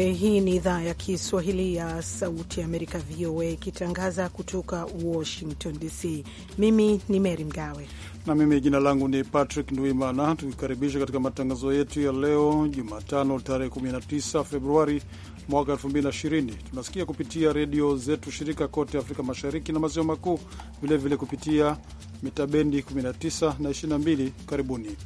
Eh, hii ni idhaa ya Kiswahili ya Sauti ya Amerika, VOA, ikitangaza kutoka Washington DC. Mimi ni Mary Mgawe na mimi jina langu ni Patrick Ndwimana, tukikaribisha katika matangazo yetu ya leo Jumatano tarehe 19 Februari mwaka 2020. Tunasikia kupitia redio zetu shirika kote Afrika Mashariki na Maziwa Makuu, vilevile kupitia mitabendi 19 na 22. Karibuni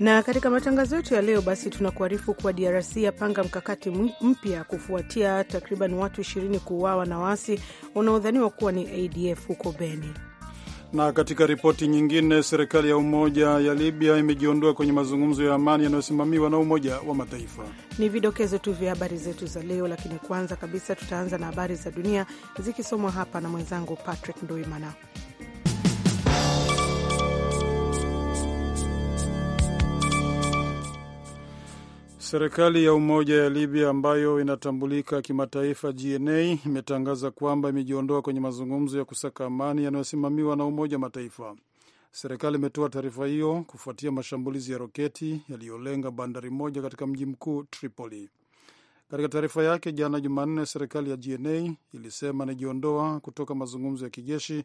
Na katika matangazo yetu ya leo basi, tunakuarifu kuwa DRC yapanga mkakati mpya kufuatia takriban watu 20 kuuawa na waasi unaodhaniwa kuwa ni ADF huko Beni. Na katika ripoti nyingine, serikali ya umoja ya Libya imejiondoa kwenye mazungumzo ya amani yanayosimamiwa na Umoja wa Mataifa. Ni vidokezo tu vya habari zetu za leo, lakini kwanza kabisa tutaanza na habari za dunia zikisomwa hapa na mwenzangu Patrick Ndoimana. Serikali ya umoja ya Libya ambayo inatambulika kimataifa GNA imetangaza kwamba imejiondoa kwenye mazungumzo ya kusaka amani yanayosimamiwa na Umoja Mataifa. Serikali imetoa taarifa hiyo kufuatia mashambulizi ya roketi yaliyolenga bandari moja katika mji mkuu Tripoli. Katika taarifa yake jana Jumanne, serikali ya GNA ilisema inajiondoa kutoka mazungumzo ya kijeshi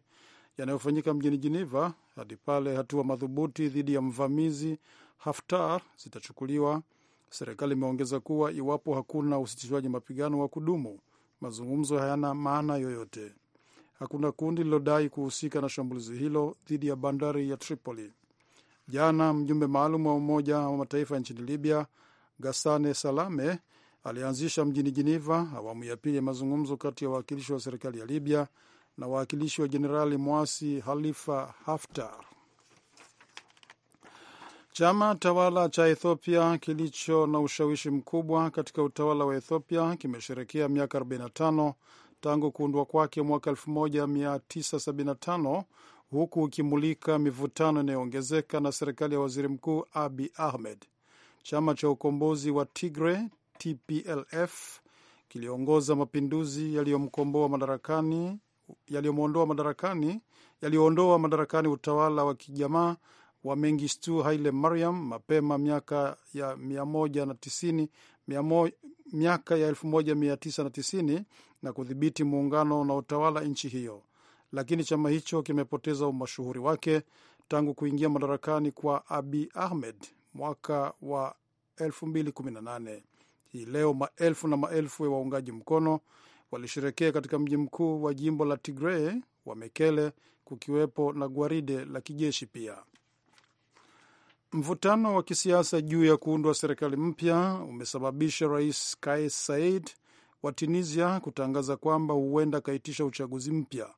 yanayofanyika mjini Geneva hadi pale hatua madhubuti dhidi ya mvamizi Haftar zitachukuliwa Serikali imeongeza kuwa iwapo hakuna usitishwaji mapigano wa kudumu, mazungumzo hayana maana yoyote. Hakuna kundi lilodai kuhusika na shambulizi hilo dhidi ya bandari ya Tripoli. Jana mjumbe maalum wa Umoja wa Mataifa nchini Libya, Gasane Salame, alianzisha mjini Jiniva awamu ya pili ya mazungumzo kati ya wawakilishi wa serikali ya Libya na wawakilishi wa jenerali mwasi Halifa Haftar. Chama tawala cha Ethiopia kilicho na ushawishi mkubwa katika utawala wa Ethiopia kimesherekea miaka 45 tangu kuundwa kwake mwaka 1975 huku ukimulika mivutano inayoongezeka na serikali ya waziri mkuu Abi Ahmed. Chama cha ukombozi wa Tigre TPLF kiliongoza mapinduzi yaliyomkomboa madarakani yaliyomwondoa madarakani yaliyoondoa madarakani utawala wa kijamaa wa Mengistu Haile Mariam mapema miaka ya tisini miaka ya 1990 na, na kudhibiti muungano unaotawala nchi hiyo, lakini chama hicho kimepoteza umashuhuri wake tangu kuingia madarakani kwa Abi Ahmed mwaka wa 2018. Hii leo maelfu na maelfu ya waungaji mkono walisherekea katika mji mkuu wa jimbo la Tigray wa Mekele, kukiwepo na gwaride la kijeshi pia. Mvutano wa kisiasa juu ya kuundwa serikali mpya umesababisha Rais Kais Saied wa Tunisia kutangaza kwamba huenda akaitisha uchaguzi mpya.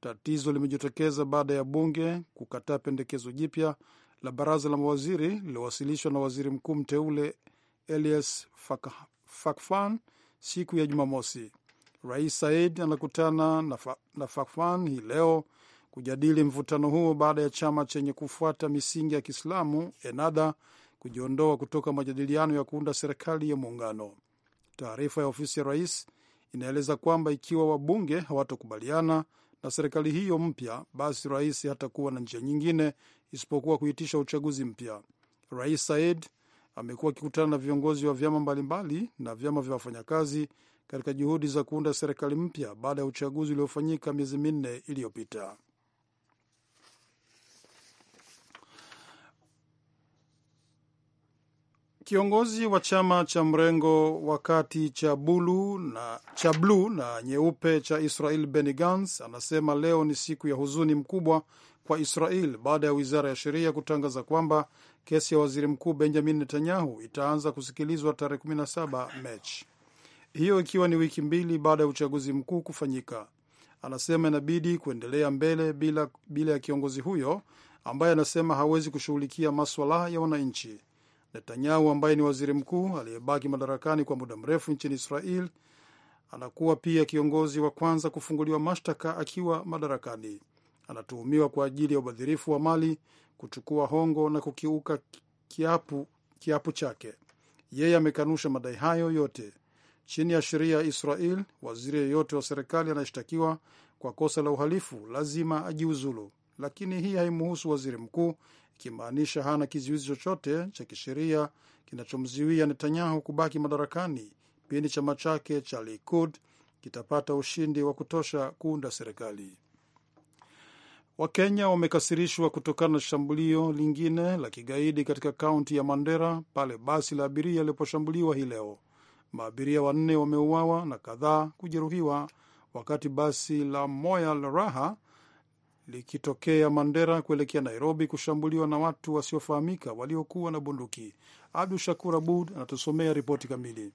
Tatizo limejitokeza baada ya bunge kukataa pendekezo jipya la baraza la mawaziri lililowasilishwa na waziri mkuu mteule Elias Fakfan siku ya Jumamosi. Rais Said anakutana na Fakfan hii leo kujadili mvutano huo baada ya chama chenye kufuata misingi ya Kiislamu enada kujiondoa kutoka majadiliano ya kuunda serikali ya muungano. Taarifa ya ofisi ya rais inaeleza kwamba ikiwa wabunge hawatokubaliana na serikali hiyo mpya, basi rais hatakuwa na njia nyingine isipokuwa kuitisha uchaguzi mpya. Rais Said amekuwa akikutana na viongozi wa vyama mbalimbali na vyama vya wafanyakazi katika juhudi za kuunda serikali mpya baada ya uchaguzi uliofanyika miezi minne iliyopita. Kiongozi wa chama cha mrengo wa kati cha bulu na, cha bluu na nyeupe cha Israel Benny Gantz anasema leo ni siku ya huzuni mkubwa kwa Israel baada ya wizara ya sheria kutangaza kwamba kesi ya waziri mkuu Benjamin Netanyahu itaanza kusikilizwa tarehe 17 Machi, hiyo ikiwa ni wiki mbili baada ya uchaguzi mkuu kufanyika. Anasema inabidi kuendelea mbele bila, bila ya kiongozi huyo ambaye anasema hawezi kushughulikia maswala ya wananchi. Netanyahu ambaye ni waziri mkuu aliyebaki madarakani kwa muda mrefu nchini Israel anakuwa pia kiongozi wa kwanza kufunguliwa mashtaka akiwa madarakani. Anatuhumiwa kwa ajili ya ubadhirifu wa mali, kuchukua hongo na kukiuka kiapu, kiapu chake. Yeye amekanusha madai hayo yote. Chini ya sheria ya Israel, waziri yeyote wa serikali anayeshtakiwa kwa kosa la uhalifu lazima ajiuzulu, lakini hii haimuhusu waziri mkuu ikimaanisha hana kizuizi chochote cha kisheria kinachomziwia Netanyahu kubaki madarakani pindi chama chake cha Likud kitapata ushindi wa kutosha kuunda serikali. Wakenya wamekasirishwa kutokana na shambulio lingine la kigaidi katika kaunti ya Mandera pale basi la abiria liliposhambuliwa hii leo. Maabiria wanne wameuawa na kadhaa kujeruhiwa wakati basi la Moya la Raha likitokea Mandera kuelekea Nairobi kushambuliwa na watu wasiofahamika waliokuwa na bunduki. Abdu Shakur Abud anatusomea ripoti kamili.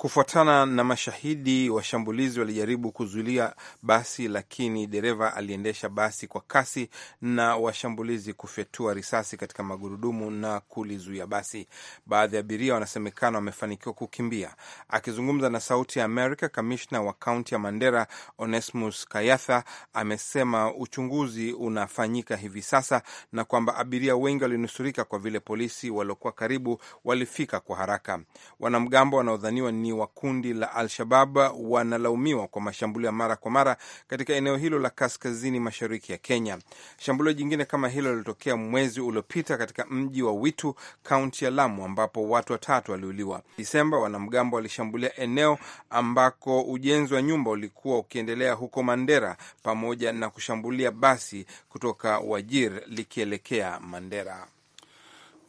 Kufuatana na mashahidi, washambulizi walijaribu kuzuilia basi, lakini dereva aliendesha basi kwa kasi na washambulizi kufyatua risasi katika magurudumu na kulizuia basi. Baadhi ya abiria wanasemekana wamefanikiwa kukimbia. Akizungumza na Sauti ya Amerika, kamishna wa kaunti ya Mandera Onesmus Kayatha amesema uchunguzi unafanyika hivi sasa na kwamba abiria wengi walinusurika kwa vile polisi waliokuwa karibu walifika kwa haraka. Wanamgambo wanaodhaniwa ni ni wa kundi la Al-Shabab wanalaumiwa kwa mashambulio ya mara kwa mara katika eneo hilo la kaskazini mashariki ya Kenya. Shambulio jingine kama hilo lilitokea mwezi uliopita katika mji wa Witu, kaunti ya Lamu, ambapo watu watatu waliuliwa. Desemba, wanamgambo walishambulia eneo ambako ujenzi wa nyumba ulikuwa ukiendelea huko Mandera, pamoja na kushambulia basi kutoka Wajir likielekea Mandera.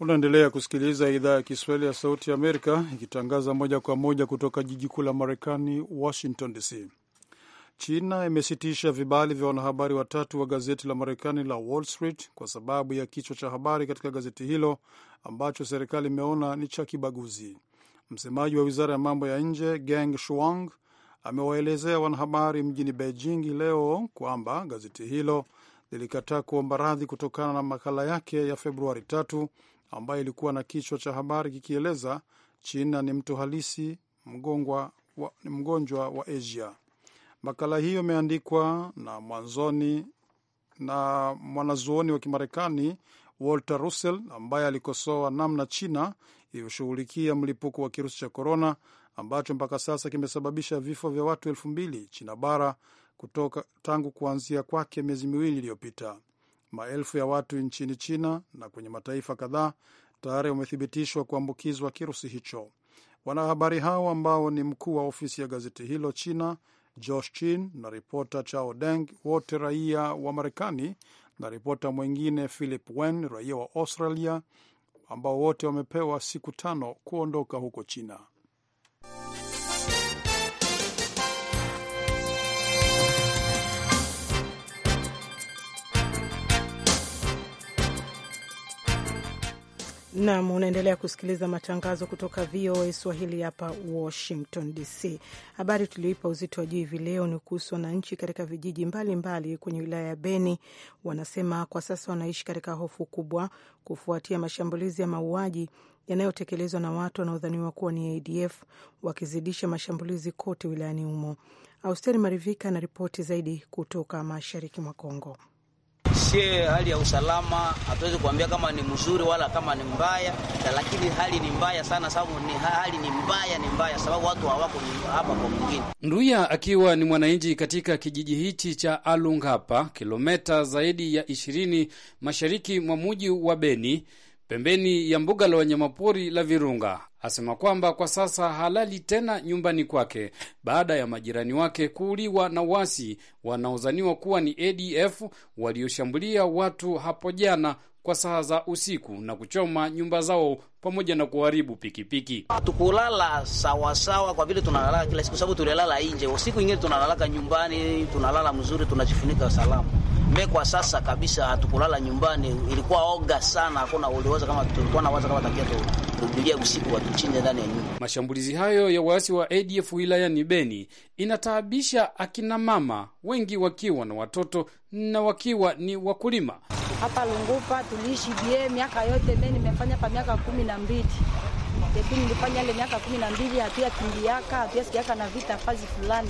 Unaendelea kusikiliza idhaa ya Kiswahili ya Sauti ya Amerika ikitangaza moja kwa moja kutoka jiji kuu la Marekani, Washington DC. China imesitisha vibali vya wanahabari watatu wa gazeti la Marekani la Wall Street kwa sababu ya kichwa cha habari katika gazeti hilo ambacho serikali imeona ni cha kibaguzi. Msemaji wa wizara ya mambo ya nje Geng Shuang amewaelezea wanahabari mjini Beijing leo kwamba gazeti hilo lilikataa kuomba radhi kutokana na makala yake ya Februari tatu ambayo ilikuwa na kichwa cha habari kikieleza China ni mtu halisi mgongwa wa, ni mgonjwa wa Asia. Makala hiyo imeandikwa na mwanzoni na mwanazuoni wa Kimarekani Walter Russell ambaye alikosoa namna China ilivyoshughulikia mlipuko wa kirusi cha korona ambacho mpaka sasa kimesababisha vifo vya watu elfu mbili China bara kutoka tangu kuanzia kwake miezi miwili iliyopita. Maelfu ya watu nchini China na kwenye mataifa kadhaa tayari wamethibitishwa kuambukizwa kirusi hicho. Wanahabari hao ambao ni mkuu wa ofisi ya gazeti hilo China Josh Chin na ripota Chao Deng, wote raia wa Marekani, na ripota mwingine Philip Wen, raia wa Australia, ambao wote wamepewa siku tano kuondoka huko China. Nam, unaendelea kusikiliza matangazo kutoka VOA Swahili hapa Washington DC. Habari tulioipa uzito wa juu hivi leo ni kuhusu wananchi katika vijiji mbalimbali mbali kwenye wilaya ya Beni. Wanasema kwa sasa wanaishi katika hofu kubwa kufuatia mashambulizi ya mauaji yanayotekelezwa na watu wanaodhaniwa kuwa ni ADF wakizidisha mashambulizi kote wilayani humo. Austeri Marivika ana ripoti zaidi kutoka mashariki mwa Kongo tuhakikishie hali ya usalama. Hatuwezi kuambia kama ni mzuri wala kama ni mbaya, lakini hali ni mbaya sana, sababu ni hali ni mbaya, ni mbaya sababu watu hawako hapa kwa mwingine. Nduya akiwa ni mwananchi katika kijiji hichi cha Alungapa, kilometa zaidi ya 20 mashariki mwa mji wa Beni pembeni ya mbuga la wanyamapori la Virunga. Asema kwamba kwa sasa halali tena nyumbani kwake baada ya majirani wake kuuliwa na wasi wanaozaniwa kuwa ni ADF walioshambulia watu hapo jana kwa saa za usiku na kuchoma nyumba zao pamoja na kuharibu pikipiki. Tukulala sawasawa kwa vile tunalala kila siku, sababu tulilala nje, usiku ingine tunalalaka nyumbani, tunalala mzuri, tunajifunika salama me kwa sasa kabisa hatukulala nyumbani, ilikuwa oga sana, hakuna uliweza kama tulikuwa waza kama takia turudilia usiku watuchinje ndani ya nyumba. Mashambulizi hayo ya waasi wa ADF wilayani Beni inataabisha akina mama wengi wakiwa na watoto na wakiwa ni wakulima. Hapa Lungupa tuliishi bie miaka yote, me nimefanya pa miaka kumi na mbili tepini nilifanya ile miaka kumi na mbili hatuya kimbiaka hatuyasikiaka na vita fazi fulani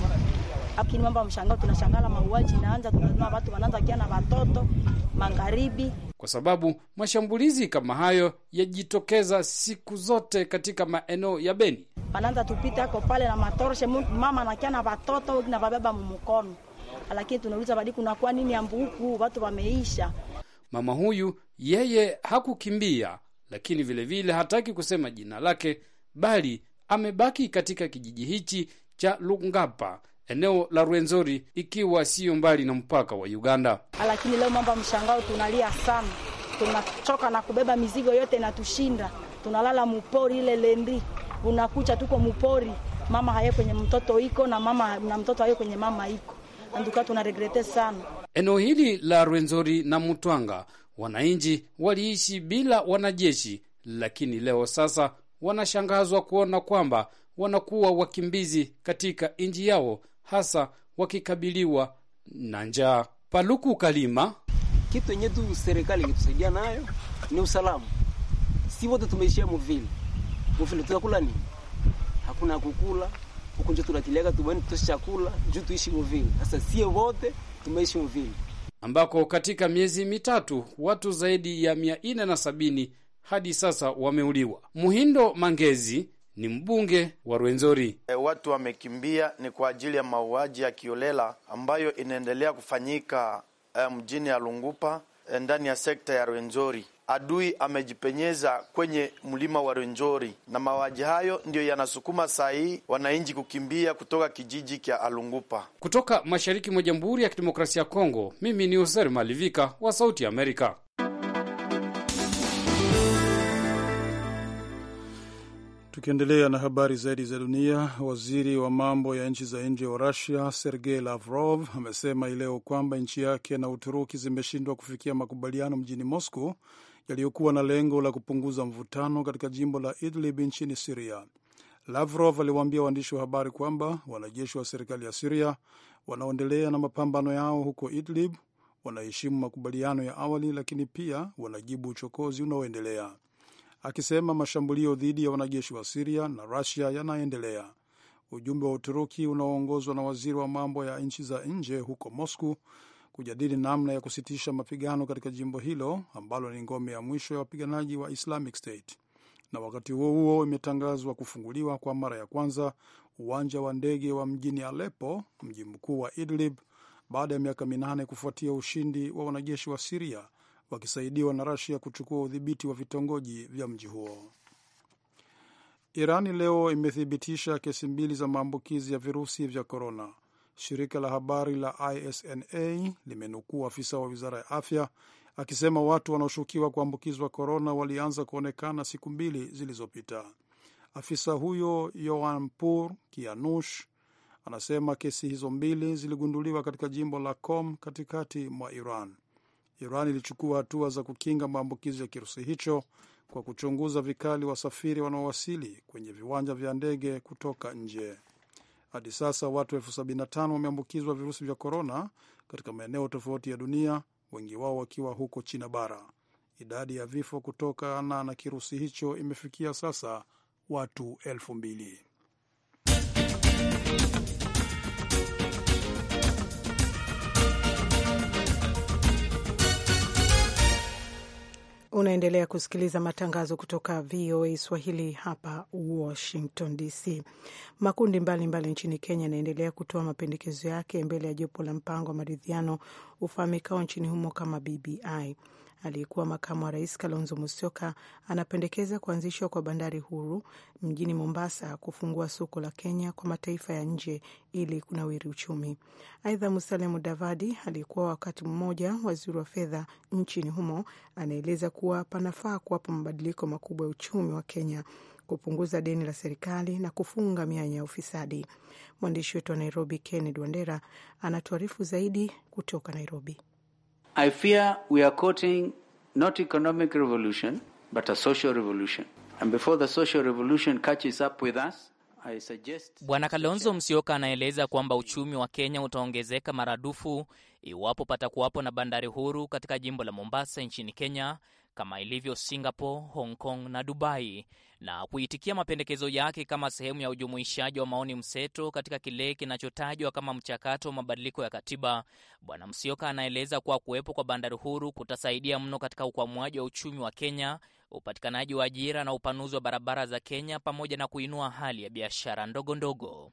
lakini mambo mshangao, tunashangala mauaji inaanza, tunaona watu wanaanza kia na watoto magharibi, kwa sababu mashambulizi kama hayo yajitokeza siku zote katika maeneo ya Beni. Wanaanza tupita ako pale na matorshe, mama anakia na watoto na wabeba mumukono, lakini tunauliza badi kuna kwa nini huku watu wameisha. Mama huyu yeye hakukimbia, lakini vilevile vile hataki kusema jina lake, bali amebaki katika kijiji hichi cha Lungapa eneo la Rwenzori, ikiwa siyo mbali na mpaka wa Uganda. Ah, lakini leo mambo ya mshangao, tunalia sana, tunachoka na kubeba mizigo yote inatushinda, tunalala mupori ile lendi, unakucha tuko mupori, mama haye kwenye mtoto iko na mama na mtoto haye kwenye mama iko anduka, tunaregrete sana. Eneo hili la Rwenzori na Mutwanga wananchi waliishi bila wanajeshi, lakini leo sasa wanashangazwa kuona kwamba wanakuwa wakimbizi katika nchi yao hasa wakikabiliwa na njaa. Paluku Kalima: kitu yenye tu serikali ingetusaidia nayo ni usalama. Si wote tumeishia muvili muvili, tutakula nini? Hakuna kukula njo tunatiliaga tubani tutoshe chakula juu tuishi muvili. Sasa sie wote tumeishi muvili, ambako katika miezi mitatu watu zaidi ya mia nne na sabini hadi sasa wameuliwa. Muhindo Mangezi ni mbunge wa Rwenzori. E, watu wamekimbia ni kwa ajili ya mauaji ya kiolela ambayo inaendelea kufanyika e, mjini ya Lungupa e, ndani ya sekta ya Rwenzori. Adui amejipenyeza kwenye mlima wa Rwenzori na mauaji hayo ndiyo yanasukuma saa hii wananchi kukimbia kutoka kijiji cha Alungupa. Kutoka mashariki mwa Jamhuri ya Kidemokrasia ya Kongo, mimi ni Hoser Malivika wa Sauti Amerika. Tukiendelea na habari zaidi za dunia, waziri wa mambo ya nchi za nje wa Rusia Sergei Lavrov amesema hii leo kwamba nchi yake na Uturuki zimeshindwa kufikia makubaliano mjini Moscow yaliyokuwa na lengo la kupunguza mvutano katika jimbo la Idlib nchini Siria. Lavrov aliwaambia waandishi wa habari kwamba wanajeshi wa serikali ya Siria wanaoendelea na mapambano yao huko Idlib wanaheshimu makubaliano ya awali, lakini pia wanajibu uchokozi unaoendelea akisema mashambulio dhidi ya wanajeshi wa Siria na Rusia yanaendelea. Ujumbe wa Uturuki unaoongozwa na waziri wa mambo ya nchi za nje huko Moscow kujadili namna ya kusitisha mapigano katika jimbo hilo ambalo ni ngome ya mwisho ya wapiganaji wa Islamic State. Na wakati huo huo, imetangazwa kufunguliwa kwa mara ya kwanza uwanja wa ndege wa mjini Aleppo, mji mkuu wa Idlib, baada ya miaka minane kufuatia ushindi wa wanajeshi wa Siria wakisaidiwa na Rasia kuchukua udhibiti wa vitongoji vya mji huo. Irani leo imethibitisha kesi mbili za maambukizi ya virusi vya korona. Shirika la habari la ISNA limenukuu afisa wa wizara ya afya akisema watu wanaoshukiwa kuambukizwa korona walianza kuonekana siku mbili zilizopita. Afisa huyo Pur Kianush anasema kesi hizo mbili ziligunduliwa katika jimbo la Kom katikati mwa Iran. Iran ilichukua hatua za kukinga maambukizi ya kirusi hicho kwa kuchunguza vikali wasafiri wanaowasili kwenye viwanja vya ndege kutoka nje. Hadi sasa watu elfu sabini na tano wameambukizwa virusi vya korona katika maeneo tofauti ya dunia, wengi wao wakiwa huko China bara. Idadi ya vifo kutokana na kirusi hicho imefikia sasa watu elfu mbili. Unaendelea kusikiliza matangazo kutoka VOA Swahili hapa Washington DC. Makundi mbalimbali mbali nchini Kenya yanaendelea kutoa mapendekezo yake mbele ya jopo la mpango wa maridhiano ufahamikao nchini humo kama BBI aliyekuwa makamu wa rais Kalonzo Musyoka anapendekeza kuanzishwa kwa bandari huru mjini Mombasa, kufungua soko la Kenya kwa mataifa ya nje ili kunawiri uchumi. Aidha, Musalia Mudavadi aliyekuwa wakati mmoja waziri wa fedha nchini humo anaeleza kuwa panafaa kuwapo mabadiliko makubwa ya uchumi wa Kenya, kupunguza deni la serikali na kufunga mianya ya ufisadi. Mwandishi wetu wa Nairobi, Kenneth Wandera, anatuarifu zaidi kutoka Nairobi. I fear we are courting not economic revolution, but a social revolution. And before the social revolution catches up with us, I suggest... Bwana Kalonzo Musyoka anaeleza kwamba uchumi wa Kenya utaongezeka maradufu iwapo patakuwapo na bandari huru katika jimbo la Mombasa nchini Kenya kama ilivyo Singapore, Hong Kong na Dubai na kuitikia mapendekezo yake kama sehemu ya ujumuishaji wa maoni mseto katika kile kinachotajwa kama mchakato wa mabadiliko ya katiba. Bwana Msioka anaeleza kuwa kuwepo kwa bandari huru kutasaidia mno katika ukwamwaji wa uchumi wa Kenya, upatikanaji wa ajira na upanuzi wa barabara za Kenya pamoja na kuinua hali ya biashara ndogo ndogo.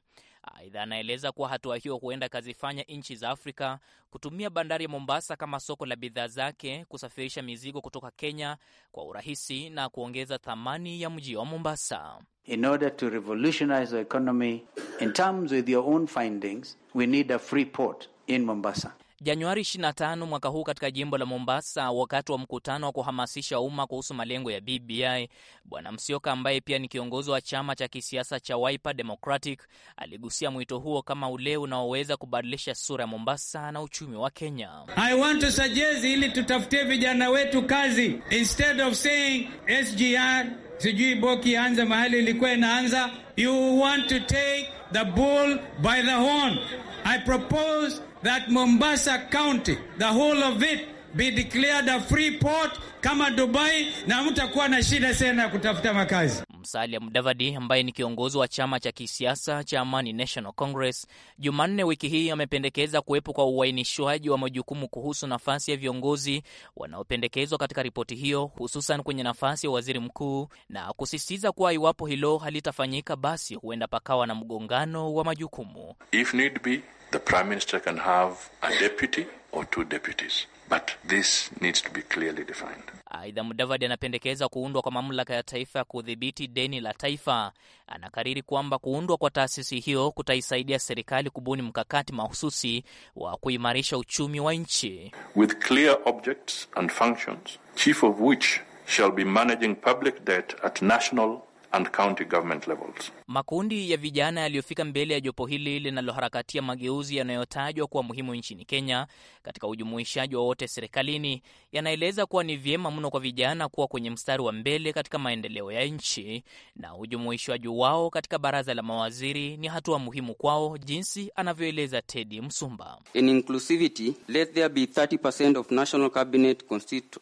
Aidha, anaeleza kuwa hatua hiyo huenda kazifanya nchi za Afrika kutumia bandari ya Mombasa kama soko la bidhaa zake, kusafirisha mizigo kutoka Kenya kwa urahisi na kuongeza thamani ya mji wa Mombasa. In order to revolutionize the economy in terms with your own findings, we need a free port in Mombasa. Januari 25 mwaka huu katika jimbo la Mombasa, wakati wa mkutano wa kuhamasisha umma kuhusu malengo ya BBI, Bwana Msioka ambaye pia ni kiongozi wa chama cha kisiasa cha Wiper Democratic aligusia mwito huo kama ule unaoweza kubadilisha sura ya Mombasa na uchumi wa Kenya. I want to suggest ili tutafutie vijana wetu kazi instead of saying SGR sijui boki anza mahali ilikuwa inaanza. You want to take the bull by the horn. I propose that Mombasa County, the whole of it be declared a free port kama Dubai, na mtakuwa na shida sana ya kutafuta makazi. Musalia Mudavadi ambaye ni kiongozi wa chama cha kisiasa cha Amani National Congress, Jumanne wiki hii amependekeza kuwepo kwa uainishwaji wa majukumu kuhusu nafasi ya viongozi wanaopendekezwa katika ripoti hiyo, hususan kwenye nafasi ya waziri mkuu, na kusisitiza kuwa iwapo hilo halitafanyika, basi huenda pakawa na mgongano wa majukumu If need be, the Prime Minister can have a deputy or two deputies. But this needs to be clearly defined. Aidha, Mudavadi anapendekeza kuundwa kwa mamlaka ya taifa ya kudhibiti deni la taifa. Anakariri kwamba kuundwa kwa taasisi hiyo kutaisaidia serikali kubuni mkakati mahususi wa kuimarisha uchumi wa nchi. With clear objects and functions, chief of which shall be managing public debt at national and county government levels. Makundi ya vijana yaliyofika mbele ya jopo hili linaloharakatia mageuzi yanayotajwa kuwa muhimu nchini Kenya katika ujumuishaji wa wote serikalini yanaeleza kuwa ni vyema mno kwa vijana kuwa kwenye mstari wa mbele katika maendeleo ya nchi na ujumuishwaji wao katika baraza la mawaziri ni hatua muhimu kwao, jinsi anavyoeleza Teddy Msumba. In inclusivity, let there be 30% of national cabinet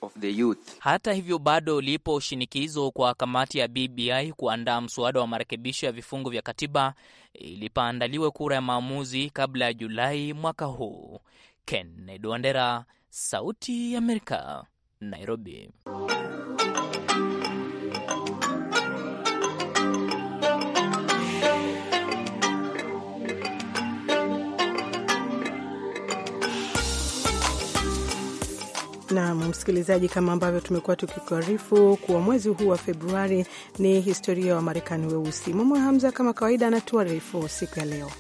of the youth. Hata hivyo bado lipo shinikizo kwa kamati ya BBI kuandaa mswada wa marekebisho ya vifungu vya katiba ili paandaliwe kura ya maamuzi kabla ya Julai mwaka huu. Kennedy Wandera, Sauti ya Amerika, Nairobi. Nam msikilizaji, kama ambavyo tumekuwa tukikuarifu kuwa mwezi huu wa Februari ni historia ya Wamarekani weusi. Mwamoyo Hamza kama kawaida anatuarifu siku ya leo.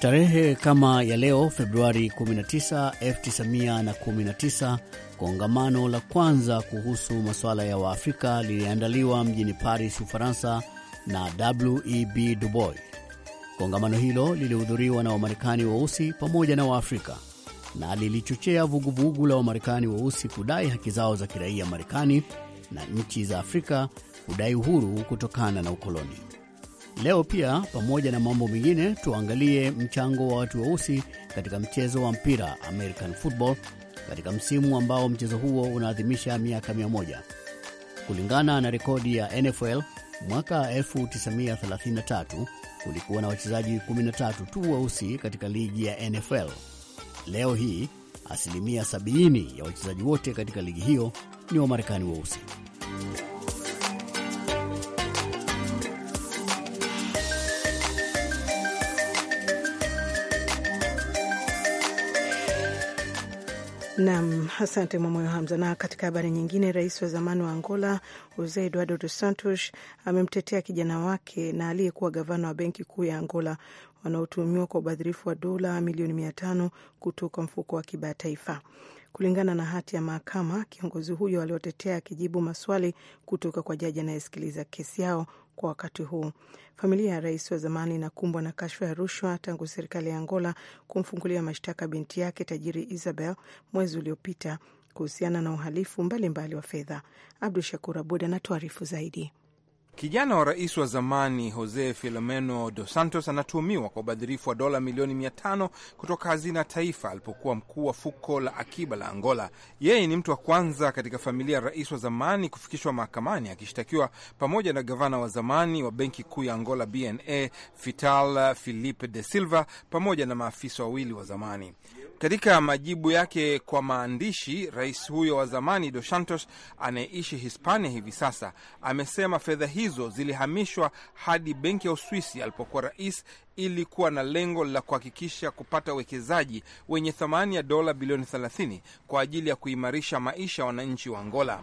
Tarehe kama ya leo Februari 19, 1919 kongamano la kwanza kuhusu masuala ya Waafrika liliandaliwa mjini Paris, Ufaransa na WEB Du Bois. Kongamano hilo lilihudhuriwa na Wamarekani weusi pamoja na Waafrika na lilichochea vuguvugu la Wamarekani weusi wa kudai haki zao za kiraia Marekani na nchi za Afrika kudai uhuru kutokana na ukoloni. Leo pia, pamoja na mambo mengine, tuangalie mchango wa watu weusi wa katika mchezo wa mpira American football katika msimu ambao mchezo huo unaadhimisha miaka mia moja kulingana na rekodi ya NFL. Mwaka 1933 kulikuwa na wachezaji 13 tu weusi wa katika ligi ya NFL Leo hii asilimia 70 ya wachezaji wote katika ligi hiyo ni Wamarekani weusi wa Nam, asante Mwamoyo Hamza. Na katika habari nyingine, rais wa zamani wa Angola Jose Eduardo Dos Santos amemtetea kijana wake na aliyekuwa gavana wa benki kuu ya Angola wanaotuhumiwa kwa ubadhirifu wa dola milioni mia tano kutoka mfuko wa akiba ya taifa. Kulingana na hati ya mahakama, kiongozi huyo aliotetea akijibu maswali kutoka kwa jaji anayesikiliza kesi yao kwa wakati huu. Familia ya rais wa zamani inakumbwa na kashfa ya rushwa tangu serikali ya Angola kumfungulia mashtaka binti yake tajiri Isabel mwezi uliopita kuhusiana na uhalifu mbalimbali mbali wa fedha. Abdu Shakur Abud anatuarifu zaidi. Kijana wa rais wa zamani Jose Filomeno Dos Santos anatuhumiwa kwa ubadhirifu wa dola milioni mia tano kutoka hazina taifa alipokuwa mkuu wa fuko la akiba la Angola. Yeye ni mtu wa kwanza katika familia ya rais wa zamani kufikishwa mahakamani akishtakiwa pamoja na gavana wa zamani wa benki kuu ya Angola BNA Vital Filipe de Silva pamoja na maafisa wawili wa zamani. Katika majibu yake kwa maandishi, rais huyo wa zamani Dos Santos anayeishi Hispania hivi sasa amesema fedha hizo zilihamishwa hadi benki ya Uswisi alipokuwa rais ili kuwa na lengo la kuhakikisha kupata uwekezaji wenye thamani ya dola bilioni 30 kwa ajili ya kuimarisha maisha ya wananchi wa Angola.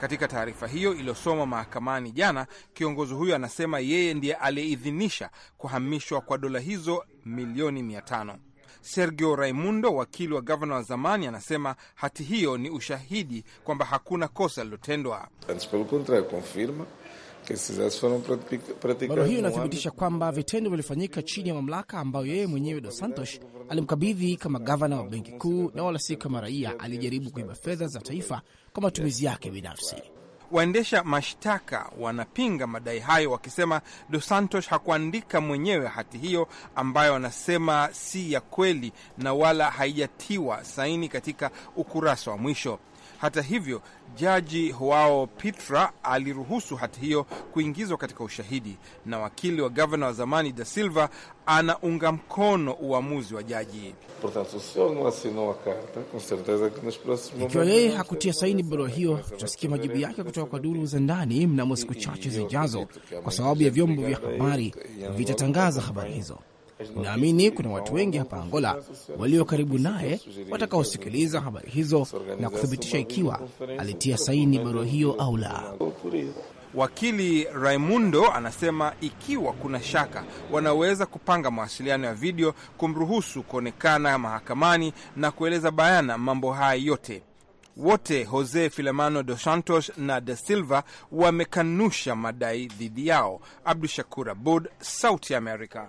Katika taarifa hiyo iliyosoma mahakamani jana, kiongozi huyo anasema yeye ndiye aliyeidhinisha kuhamishwa kwa dola hizo milioni 500. Sergio Raimundo, wakili wa gavana wa zamani, anasema hati hiyo ni ushahidi kwamba hakuna kosa lilotendwa. Barua hiyo inathibitisha kwamba vitendo vilifanyika chini ya mamlaka ambayo yeye mwenyewe Dos Santos alimkabidhi kama gavana wa benki kuu, na wala si kama raia aliyejaribu kuiba fedha za taifa kwa matumizi yake binafsi. Waendesha mashtaka wanapinga madai hayo wakisema Dos Santos hakuandika mwenyewe hati hiyo ambayo wanasema si ya kweli na wala haijatiwa saini katika ukurasa wa mwisho. Hata hivyo, jaji wao Pitra aliruhusu hati hiyo kuingizwa katika ushahidi, na wakili wa gavana wa zamani Da Silva anaunga mkono uamuzi wa jaji. Ikiwa yeye hakutia saini barua hiyo, tutasikia majibu yake kutoka kwa duru za ndani mnamo siku chache zijazo, kwa sababu ya vyombo vya habari vitatangaza habari hizo. Naamini kuna watu wengi hapa Angola walio karibu naye watakaosikiliza habari hizo na kuthibitisha ikiwa alitia saini barua hiyo au la. Wakili Raimundo anasema ikiwa kuna shaka, wanaweza kupanga mawasiliano ya video kumruhusu kuonekana mahakamani na kueleza bayana mambo haya yote. Wote Jose Filemano Dos Santos na De Silva wamekanusha madai dhidi yao. Abdu Shakur Abud, Sauti ya Amerika.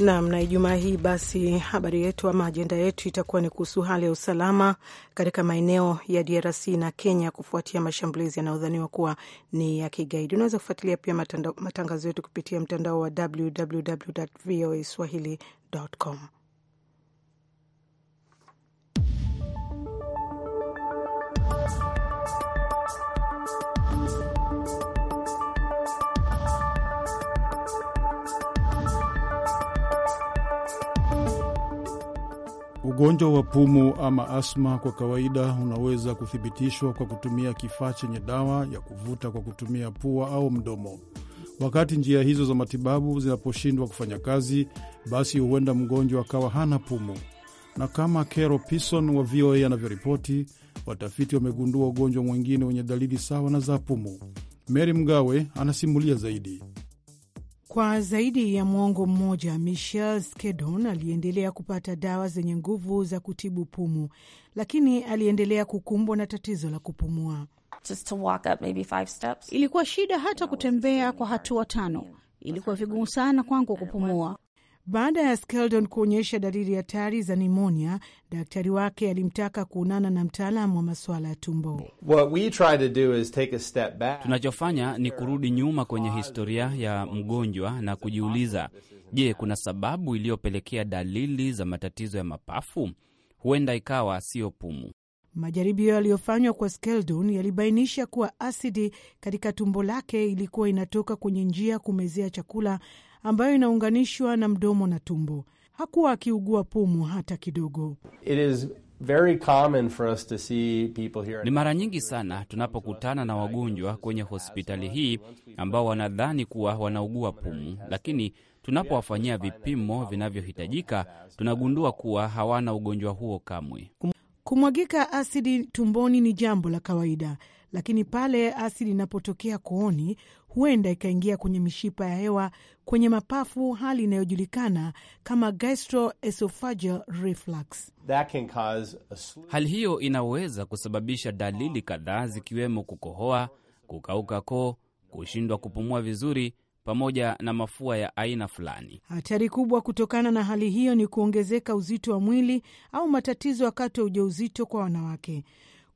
Naam, na Ijumaa hii basi, habari yetu ama ajenda yetu itakuwa ni kuhusu hali ya usalama katika maeneo ya DRC na Kenya kufuatia mashambulizi yanayodhaniwa kuwa ni ya kigaidi. Unaweza kufuatilia pia matangazo yetu kupitia mtandao wa www voa swahili com. Ugonjwa wa pumu ama asma kwa kawaida unaweza kuthibitishwa kwa kutumia kifaa chenye dawa ya kuvuta kwa kutumia pua au mdomo. Wakati njia hizo za matibabu zinaposhindwa kufanya kazi, basi huenda mgonjwa akawa hana pumu. Na kama Kero pison wa VOA anavyoripoti, watafiti wamegundua ugonjwa mwingine wenye dalili sawa na za pumu. Mary Mgawe anasimulia zaidi. Kwa zaidi ya mwongo mmoja, Michel Skedon aliendelea kupata dawa zenye nguvu za kutibu pumu, lakini aliendelea kukumbwa na tatizo la kupumua. Just to walk up maybe five steps. Ilikuwa shida hata kutembea kwa hatua tano. Ilikuwa vigumu sana kwangu kupumua. Baada ya Skeldon kuonyesha dalili hatari za nimonia, daktari wake alimtaka kuonana na mtaalamu wa masuala ya tumbo. Tunachofanya ni kurudi nyuma kwenye historia ya mgonjwa na kujiuliza, je, kuna sababu iliyopelekea dalili za matatizo ya mapafu? Huenda ikawa siyo pumu. Majaribio yaliyofanywa kwa Skeldon yalibainisha kuwa asidi katika tumbo lake ilikuwa inatoka kwenye njia kumezea chakula ambayo inaunganishwa na mdomo na tumbo. Hakuwa akiugua pumu hata kidogo. It is very common for us to see people here. Ni mara nyingi sana tunapokutana na wagonjwa kwenye hospitali hii ambao wanadhani kuwa wanaugua pumu, lakini tunapowafanyia vipimo vinavyohitajika tunagundua kuwa hawana ugonjwa huo kamwe. Kumwagika asidi tumboni ni jambo la kawaida lakini pale asidi inapotokea kooni huenda ikaingia kwenye mishipa ya hewa kwenye mapafu, hali inayojulikana kama gastroesophageal reflux. Hali hiyo inaweza kusababisha dalili kadhaa zikiwemo kukohoa, kukauka koo, kushindwa kupumua vizuri pamoja na mafua ya aina fulani. Hatari kubwa kutokana na hali hiyo ni kuongezeka uzito wa mwili au matatizo wakati wa ujauzito kwa wanawake.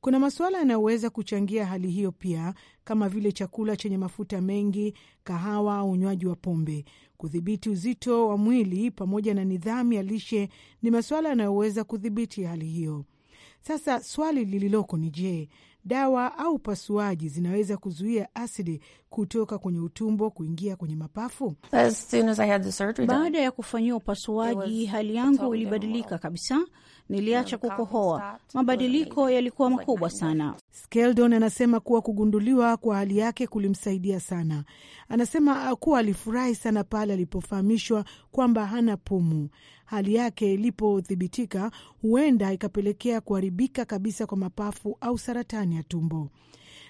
Kuna masuala yanayoweza kuchangia hali hiyo pia, kama vile chakula chenye mafuta mengi, kahawa au unywaji wa pombe. Kudhibiti uzito wa mwili pamoja na nidhamu ya lishe ni masuala yanayoweza kudhibiti hali hiyo. Sasa swali lililoko ni je, dawa au upasuaji zinaweza kuzuia asidi kutoka kwenye utumbo kuingia kwenye mapafu? As soon as I had the surgery, baada ya kufanyiwa upasuaji hali yangu ilibadilika kabisa niliacha um, kukohoa. Mabadiliko yalikuwa makubwa sana. Skeldon anasema kuwa kugunduliwa kwa hali yake kulimsaidia sana. Anasema uh, kuwa alifurahi sana pale alipofahamishwa kwamba hana pumu. Hali yake ilipothibitika, huenda ikapelekea kuharibika kabisa kwa mapafu au saratani ya tumbo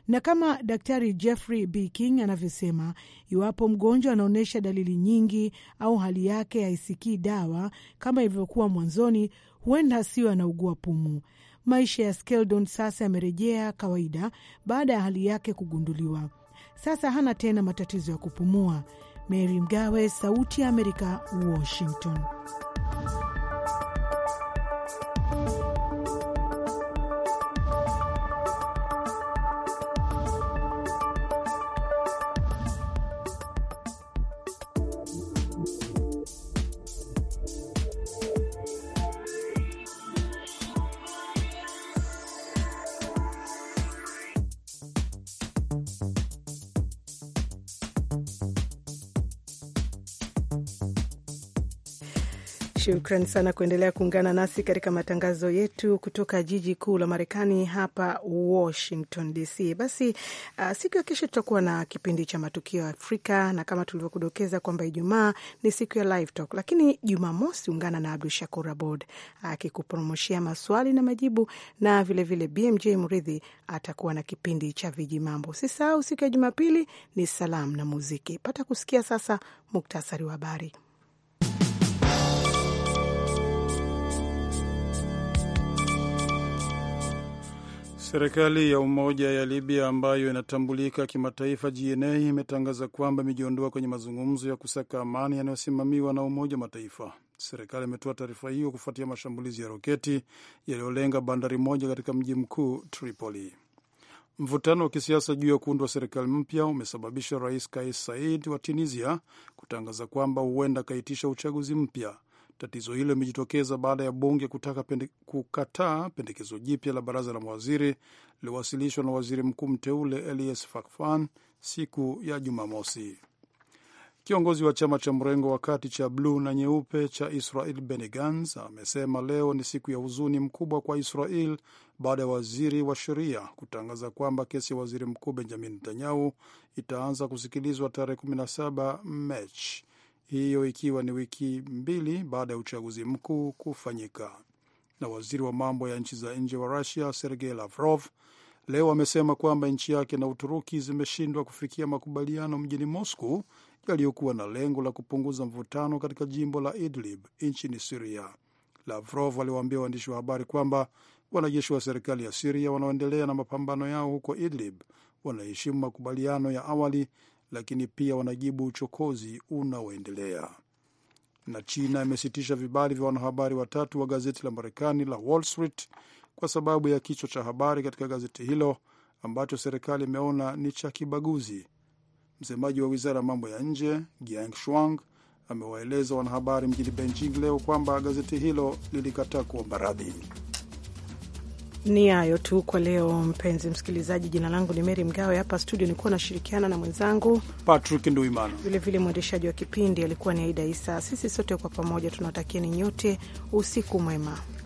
na kama Daktari Jeffrey B King anavyosema, iwapo mgonjwa anaonyesha dalili nyingi au hali yake haisikii dawa kama ilivyokuwa mwanzoni, huenda asiwe anaugua pumu. Maisha ya Skeldon sasa yamerejea kawaida baada ya hali yake kugunduliwa. Sasa hana tena matatizo ya kupumua. Mary Mgawe, Sauti ya Amerika, Washington. Shukran sana kuendelea kuungana nasi katika matangazo yetu kutoka jiji kuu la Marekani hapa Washington DC. Basi uh, siku ya kesho tutakuwa na kipindi cha matukio ya Afrika na kama tulivyokudokeza kwamba Ijumaa ni siku ya live talk, lakini Jumamosi ungana na Abdu Shakur Abod akikupromoshea maswali na majibu na vilevile vile BMJ Mridhi atakuwa na kipindi cha viji mambo. Sisahau siku ya Jumapili ni salamu na muziki. Pata kusikia sasa muktasari wa habari. Serikali ya umoja ya Libya ambayo inatambulika kimataifa GNA imetangaza kwamba imejiondoa kwenye mazungumzo ya kusaka amani yanayosimamiwa na Umoja Mataifa. Serikali imetoa taarifa hiyo kufuatia mashambulizi ya roketi yaliyolenga bandari moja katika mji mkuu Tripoli. Mvutano wa kisiasa juu ya kuundwa serikali mpya umesababisha Rais Kais said wa Tunisia kutangaza kwamba huenda akaitisha uchaguzi mpya Tatizo hilo limejitokeza baada ya bunge kutaka pende, kukataa pendekezo jipya la baraza la mawaziri liliwasilishwa na waziri mkuu mteule Elias Fakfan siku ya Jumamosi. Kiongozi wa chama cha mrengo wa kati cha bluu na nyeupe cha Israel Benny Gantz amesema leo ni siku ya huzuni mkubwa kwa Israel baada ya waziri wa sheria kutangaza kwamba kesi ya waziri mkuu Benjamin Netanyahu itaanza kusikilizwa tarehe 17 Machi hiyo ikiwa ni wiki mbili baada ya uchaguzi mkuu kufanyika. Na waziri wa mambo ya nchi za nje wa Rusia Sergei Lavrov leo amesema kwamba nchi yake na Uturuki zimeshindwa kufikia makubaliano mjini Moscow yaliyokuwa na lengo la kupunguza mvutano katika jimbo la Idlib nchini Siria. Lavrov aliwaambia waandishi wa habari kwamba wanajeshi wa serikali ya Siria wanaoendelea na mapambano yao huko Idlib wanaheshimu makubaliano ya awali lakini pia wanajibu uchokozi unaoendelea. Na China imesitisha vibali vya wanahabari watatu wa gazeti la Marekani la Wall Street kwa sababu ya kichwa cha habari katika gazeti hilo ambacho serikali imeona ni cha kibaguzi. Msemaji wa wizara ya mambo ya nje Giang Shuang amewaeleza wanahabari mjini Beijing leo kwamba gazeti hilo lilikataa kuomba radhi. Ni hayo tu kwa leo, mpenzi msikilizaji. Jina langu ni Meri Mgawe, hapa studio nikuwa nashirikiana na mwenzangu Patrick Nduimana, vilevile mwendeshaji wa kipindi alikuwa ni Aida Isa. Sisi sote kwa pamoja ni nyote usiku mwema.